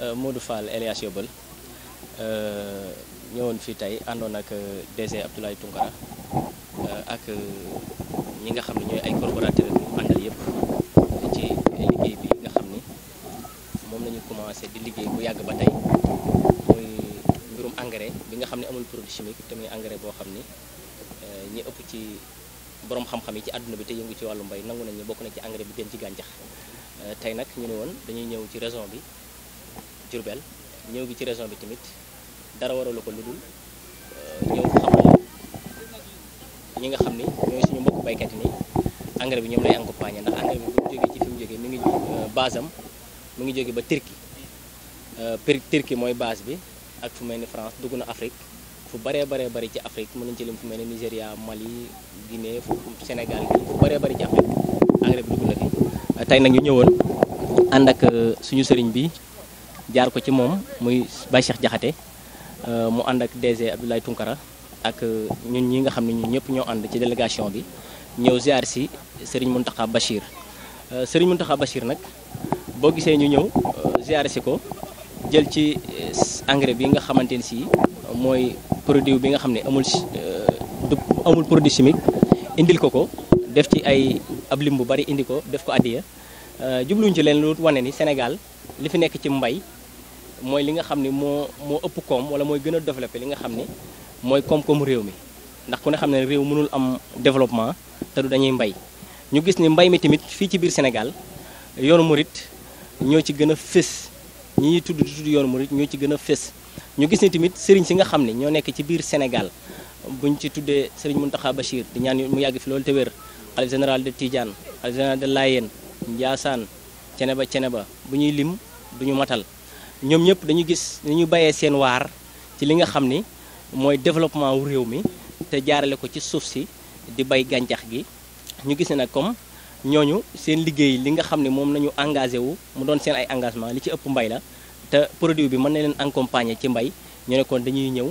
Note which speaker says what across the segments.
Speaker 1: Euh, Modou Fall Elias Yobal euh, ñëwoon fi tey àndoon ak euh, DG Abdoulaye Tounkara ak ñi nga xam ne ñooy ay collaborateurs yu àndal yëpp ci liggéey bi nga xam ni moom la ñu commencé di liggéey mu yàgg ba tey muy mbirum engrais bi nga xam ne amul produit chimique te muy engrais boo xam ni ñi ëpp ci borom xam-xam yi ci àdduna bi te yëngu ci wàllu mbay nangu nañu bokk na ci engrais bi gën ci gàncax tey nag ñu ne woon dañuy ñëw ci région bi. Diourbel ñëw gi ci région bi tamit dara waralu ko lu dul euh, ñëw nga xam ni ñooy suñu mbokk baykat yi nii engrais bi ñoom lay accompagner ndax engrais bi bu mu jógee ci fi mu jógee mi ngi euh, basam mu ngi jóge ba Turquie euh, Turquie mooy base bi ak fu mel ni France dugg na Afrique fu baree baree bari ci Afrique mën nañ ci lim fu mel ni Nigéria Mali Guinée fu Sénégal bi fu baree bari ci Afrique engrais bi dugg na fi tey nag ñu ñëwoon ànd ak suñu sëriñ bi jaar ko ci moom muy Baye Cheikh Diakhaté euh, mu ànd ak DG Abdoulaye Tounkara ak euh, ñun ñi nga xam ne ñun ñëpp ñoo ànd ci délégation bi ñëw ziar si Serigne Mountakha Bachir euh, Serigne Mountakha Bachir nag boo gisee ñu ñëw ziar ko jël ci engrais bi nga xamante ne si mooy produit bi nga xam ne amul amul produit chimique indil ko ko def ci ay ab lim bu bari indi ko def ko addiya jubluñ ci leen lu wane ni Sénégal li fi nekk ci mbay mooy li nga xam ni moo moo ëpp koom wala mooy gën a développé li nga xam ni mooy koom-koom réew mi ndax ku ne xam ne réew mënul am développement te du dañuy mbay ñu gis ni mbay mi tamit fii ci biir Sénégal yoonu murit ñoo ci gën a fés ñi ñuy tudd di tudd yoonu murit ñoo ci gën a fés ñu gis ni tamit sëriñ si nga xam ne ñoo nekk ci biir Sénégal bu buñ ci tuddee sëriñ taxa Bachir di ñaan mu yàgg fi loolu te wér xalif général de Tidiane xalif général de Layène Ndiassane Ceneba Ceneba bu ñuy lim duñu matal ñoom ñëpp dañu gis ñu bàyyee seen waar ci li nga xam ni mooy développement wu réew mi te jaarale ko ci suuf si di bay gàncax gi ñu gis ne nag comme ñoo ñu seen liggéey li nga xam ne moom nañu engagé wu mu doon seen ay engagement li ci ëpp mbay la te produit bi mën na leen accompagner ci mbay ñoo ne kon dañuy ñëw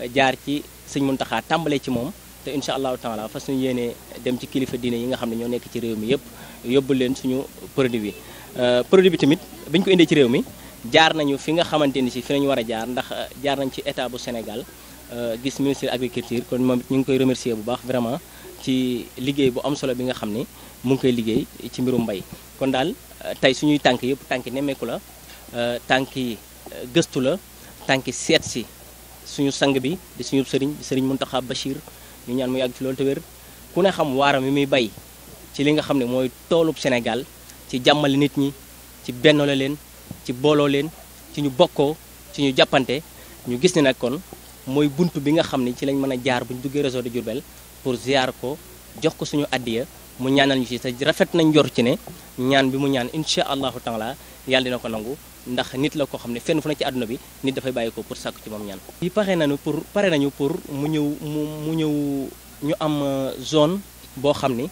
Speaker 1: euh, jaar ci sëñ Muntaxa tàmbalee ci moom te incha allahu taala fas ñu yéenee dem ci kilifa diine yi nga xam ne ñoo nekk ci réew mi yëpp yóbbu leen suñu produit bi euh, produit bi tamit biñ ko indee ci réew mi jaar nañu fi nga xamante ni si fi nañu war a jaar ndax euh, jaar nañ ci état bu Sénégal euh, gis ministre agriculture kon moom ñu ngi koy remercier bu baax vraiment ci liggéey bu am solo bi nga xam ni mu ngi koy liggéey ci mbirum mbay kon daal euh, tey suñuy tànk yëpp tànki nemmeeku la tànki gëstu la tànki seet si suñu sang bi di suñu sëriñ di sëriñ taxa Bachir ñu ñaan mu yàgg fi loolu te ku ne xam waaram yi muy bay ci li nga xam ne mooy toolub Sénégal ci jàmmali nit ñi ci benn leen ci booloo leen ci ñu bokkoo ci ñu jàppante ñu gis ne nag kon mooy bunt bi nga xam ne ci lañ mën a jaar bu ñu duggee réseau de Diourbel pour ziar ko jox ko suñu addiya mu ñaanal ñu ci te rafet nañ jor ci ne ñaan bi mu ñaan incha allahu taala yàlla dina ko nangu ndax nit la koo xam ne fenn fu ne ci àdduna bi nit dafay bàyyi ko pour sàkku ci moom ñaan. yi pare nañu pour pare nañu pour mu ñëw mu mu ñëw ñu am zone boo xam ni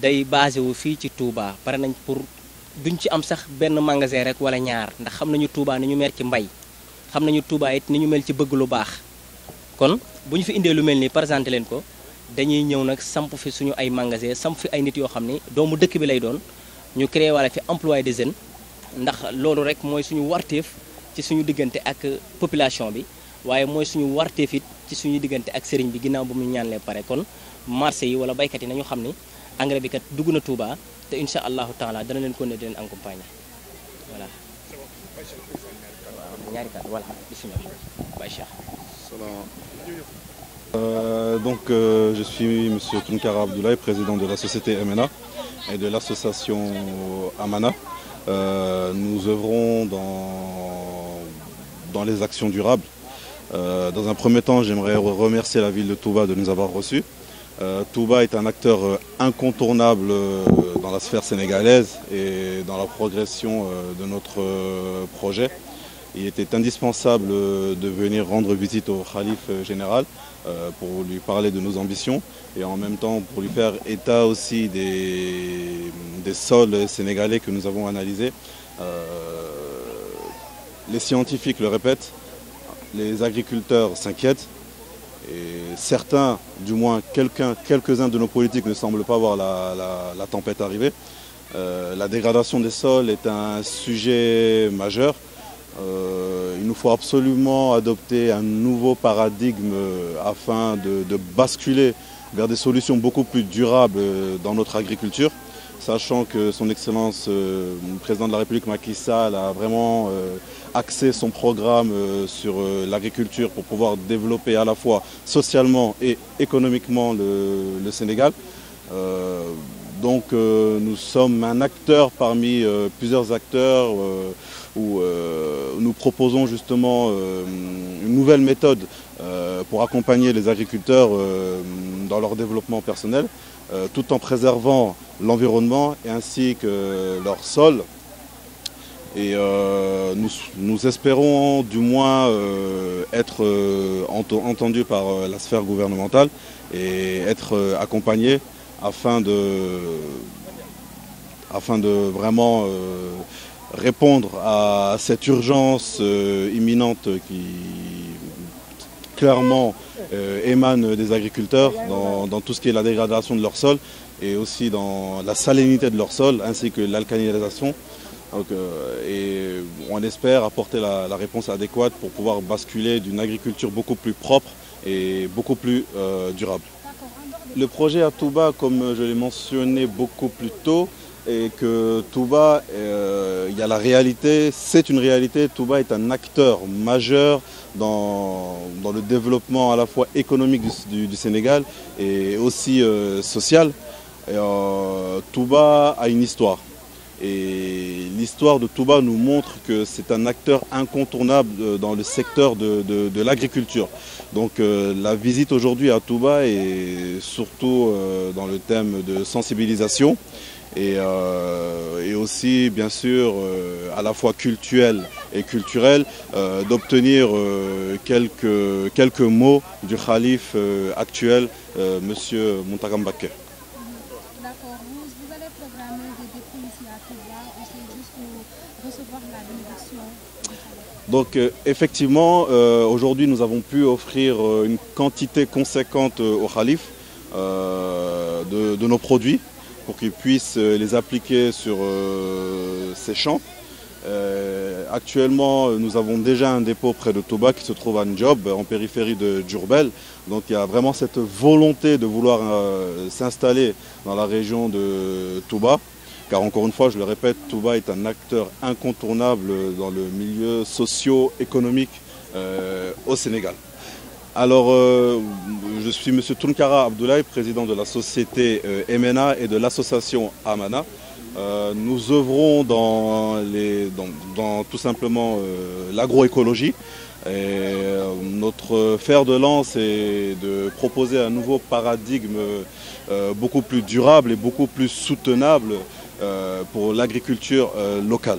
Speaker 1: day basé wu fii ci Touba pare nañ pour. duñ ci am sax benn magasin rek wala ñaar ndax xam nañu Touba ni ñu mer ci mbay xam nañu Touba it ni ñu mel ci bëgg lu baax kon bu ñu fi indee lu mel nii présenté leen ko dañuy ñëw nag samp fi suñu ay magasin samp fi ay nit yoo xam ni doomu dëkk bi lay doon ñu créé wala fi emploi des jeunes ndax loolu rek mooy suñu warteef ci suñu diggante ak population bi waaye mooy suñu warteef it ci suñu diggante ak sëriñ bi ginnaaw bu mu ñaanlee pare kon marché yi wala baykat yi nañu xam ni engrais bi dugg na Touba te incha allahu taala dana leen ko ne di leen accompagner voilà. ñaari kàddu voilà bisimilah
Speaker 2: euh, donc euh, je suis monsieur Tunkara Abdoulaye président de la société MNA et de l'association Amana. Euh, nous œuvrons dans les actions durables. dans un premier temps, j'aimerais remercier la ville de Touba de nous avoir reçus. Euh, Touba est un acteur euh, incontournable euh, dans la sphère sénégalaise et dans la progression de notre projet. Il était indispensable de venir rendre visite au Khalif général pour lui parler de nos ambitions et en même temps pour lui faire état aussi des, des sols sénégalais que nous avons analysés. les scientifiques le répètent, les agriculteurs s'inquiètent, Et certains, du moins quelqu'un, quelques-uns de nos politiques ne semblent pas voir la, la, la tempête arriver. Euh, la dégradation des sols est un sujet majeur. Euh, il nous faut absolument adopter un nouveau paradigme euh, afin de, de basculer vers des solutions beaucoup plus durables euh, dans notre agriculture. sachant que son Excellence euh, le Président de la République Macky a vraiment euh, axé son programme euh, sur euh, l'agriculture pour pouvoir développer à la fois socialement et économiquement le, Sénégal. Euh, donc euh, nous sommes un acteur parmi plusieurs acteurs où nous proposons justement une nouvelle méthode pour accompagner les agriculteurs dans leur développement personnel. Euh, tout en préservant l'environnement ainsi que leur sol. Et euh, nous, nous, espérons du moins euh, être euh, ent entendus par euh, la sphère gouvernementale et être euh, accompagnés afin de, afin de vraiment répondre à cette urgence imminente qui clairement Euh, émane des agriculteurs dans, dans, tout ce qui est la dégradation de leur sol et aussi dans la salinité de leur sol ainsi que l'alcanilisation. Euh, et on espère apporter la, réponse adéquate pour pouvoir basculer d'une agriculture beaucoup plus propre et beaucoup plus euh, durable. Le projet à Touba, comme je l'ai mentionné beaucoup plus tôt, est que Touba... Est, il y c'est une réalité, Touba est un acteur majeur dans, le développement à la économique du, du, Sénégal et aussi euh, social. Et, euh, Touba a une histoire. Et l'histoire de Touba nous montre que c'est un acteur incontournable euh, dans le secteur de, de, de l'agriculture. Donc euh, la visite aujourd'hui à Touba est surtout euh, dans le thème de sensibilisation. Euh, et, aussi bien sûr euh, à la fois cultuel et culturel euh, d'obtenir euh, quelques, quelques mots du calife actuel, monsieur Muntagam effectivement, euh, aujourd'hui nous avons pu offrir euh, une quantité conséquente au Khalif de, de, nos produits pour qu'ils puissent euh, les appliquer sur euh, ces champs. Euh, actuellement, nous avons déjà un dépôt près de Toba qui se trouve à Njob, en périphérie de Djurbel. Donc il y a vraiment cette volonté de vouloir s'installer dans la région de Touba car encore une fois, je le répète, Touba est un acteur incontournable dans le milieu socio-économique euh, au Sénégal. Alors, euh, je suis M. Tunkara Abdoulaye, président de la société euh, et de l'association Amana. Euh, nous œuvrons dans, les, dans, dans tout simplement euh, l'agroécologie. Euh, notre fer de lance est de proposer un nouveau paradigme euh, beaucoup plus durable et beaucoup plus soutenable pour l'agriculture locale.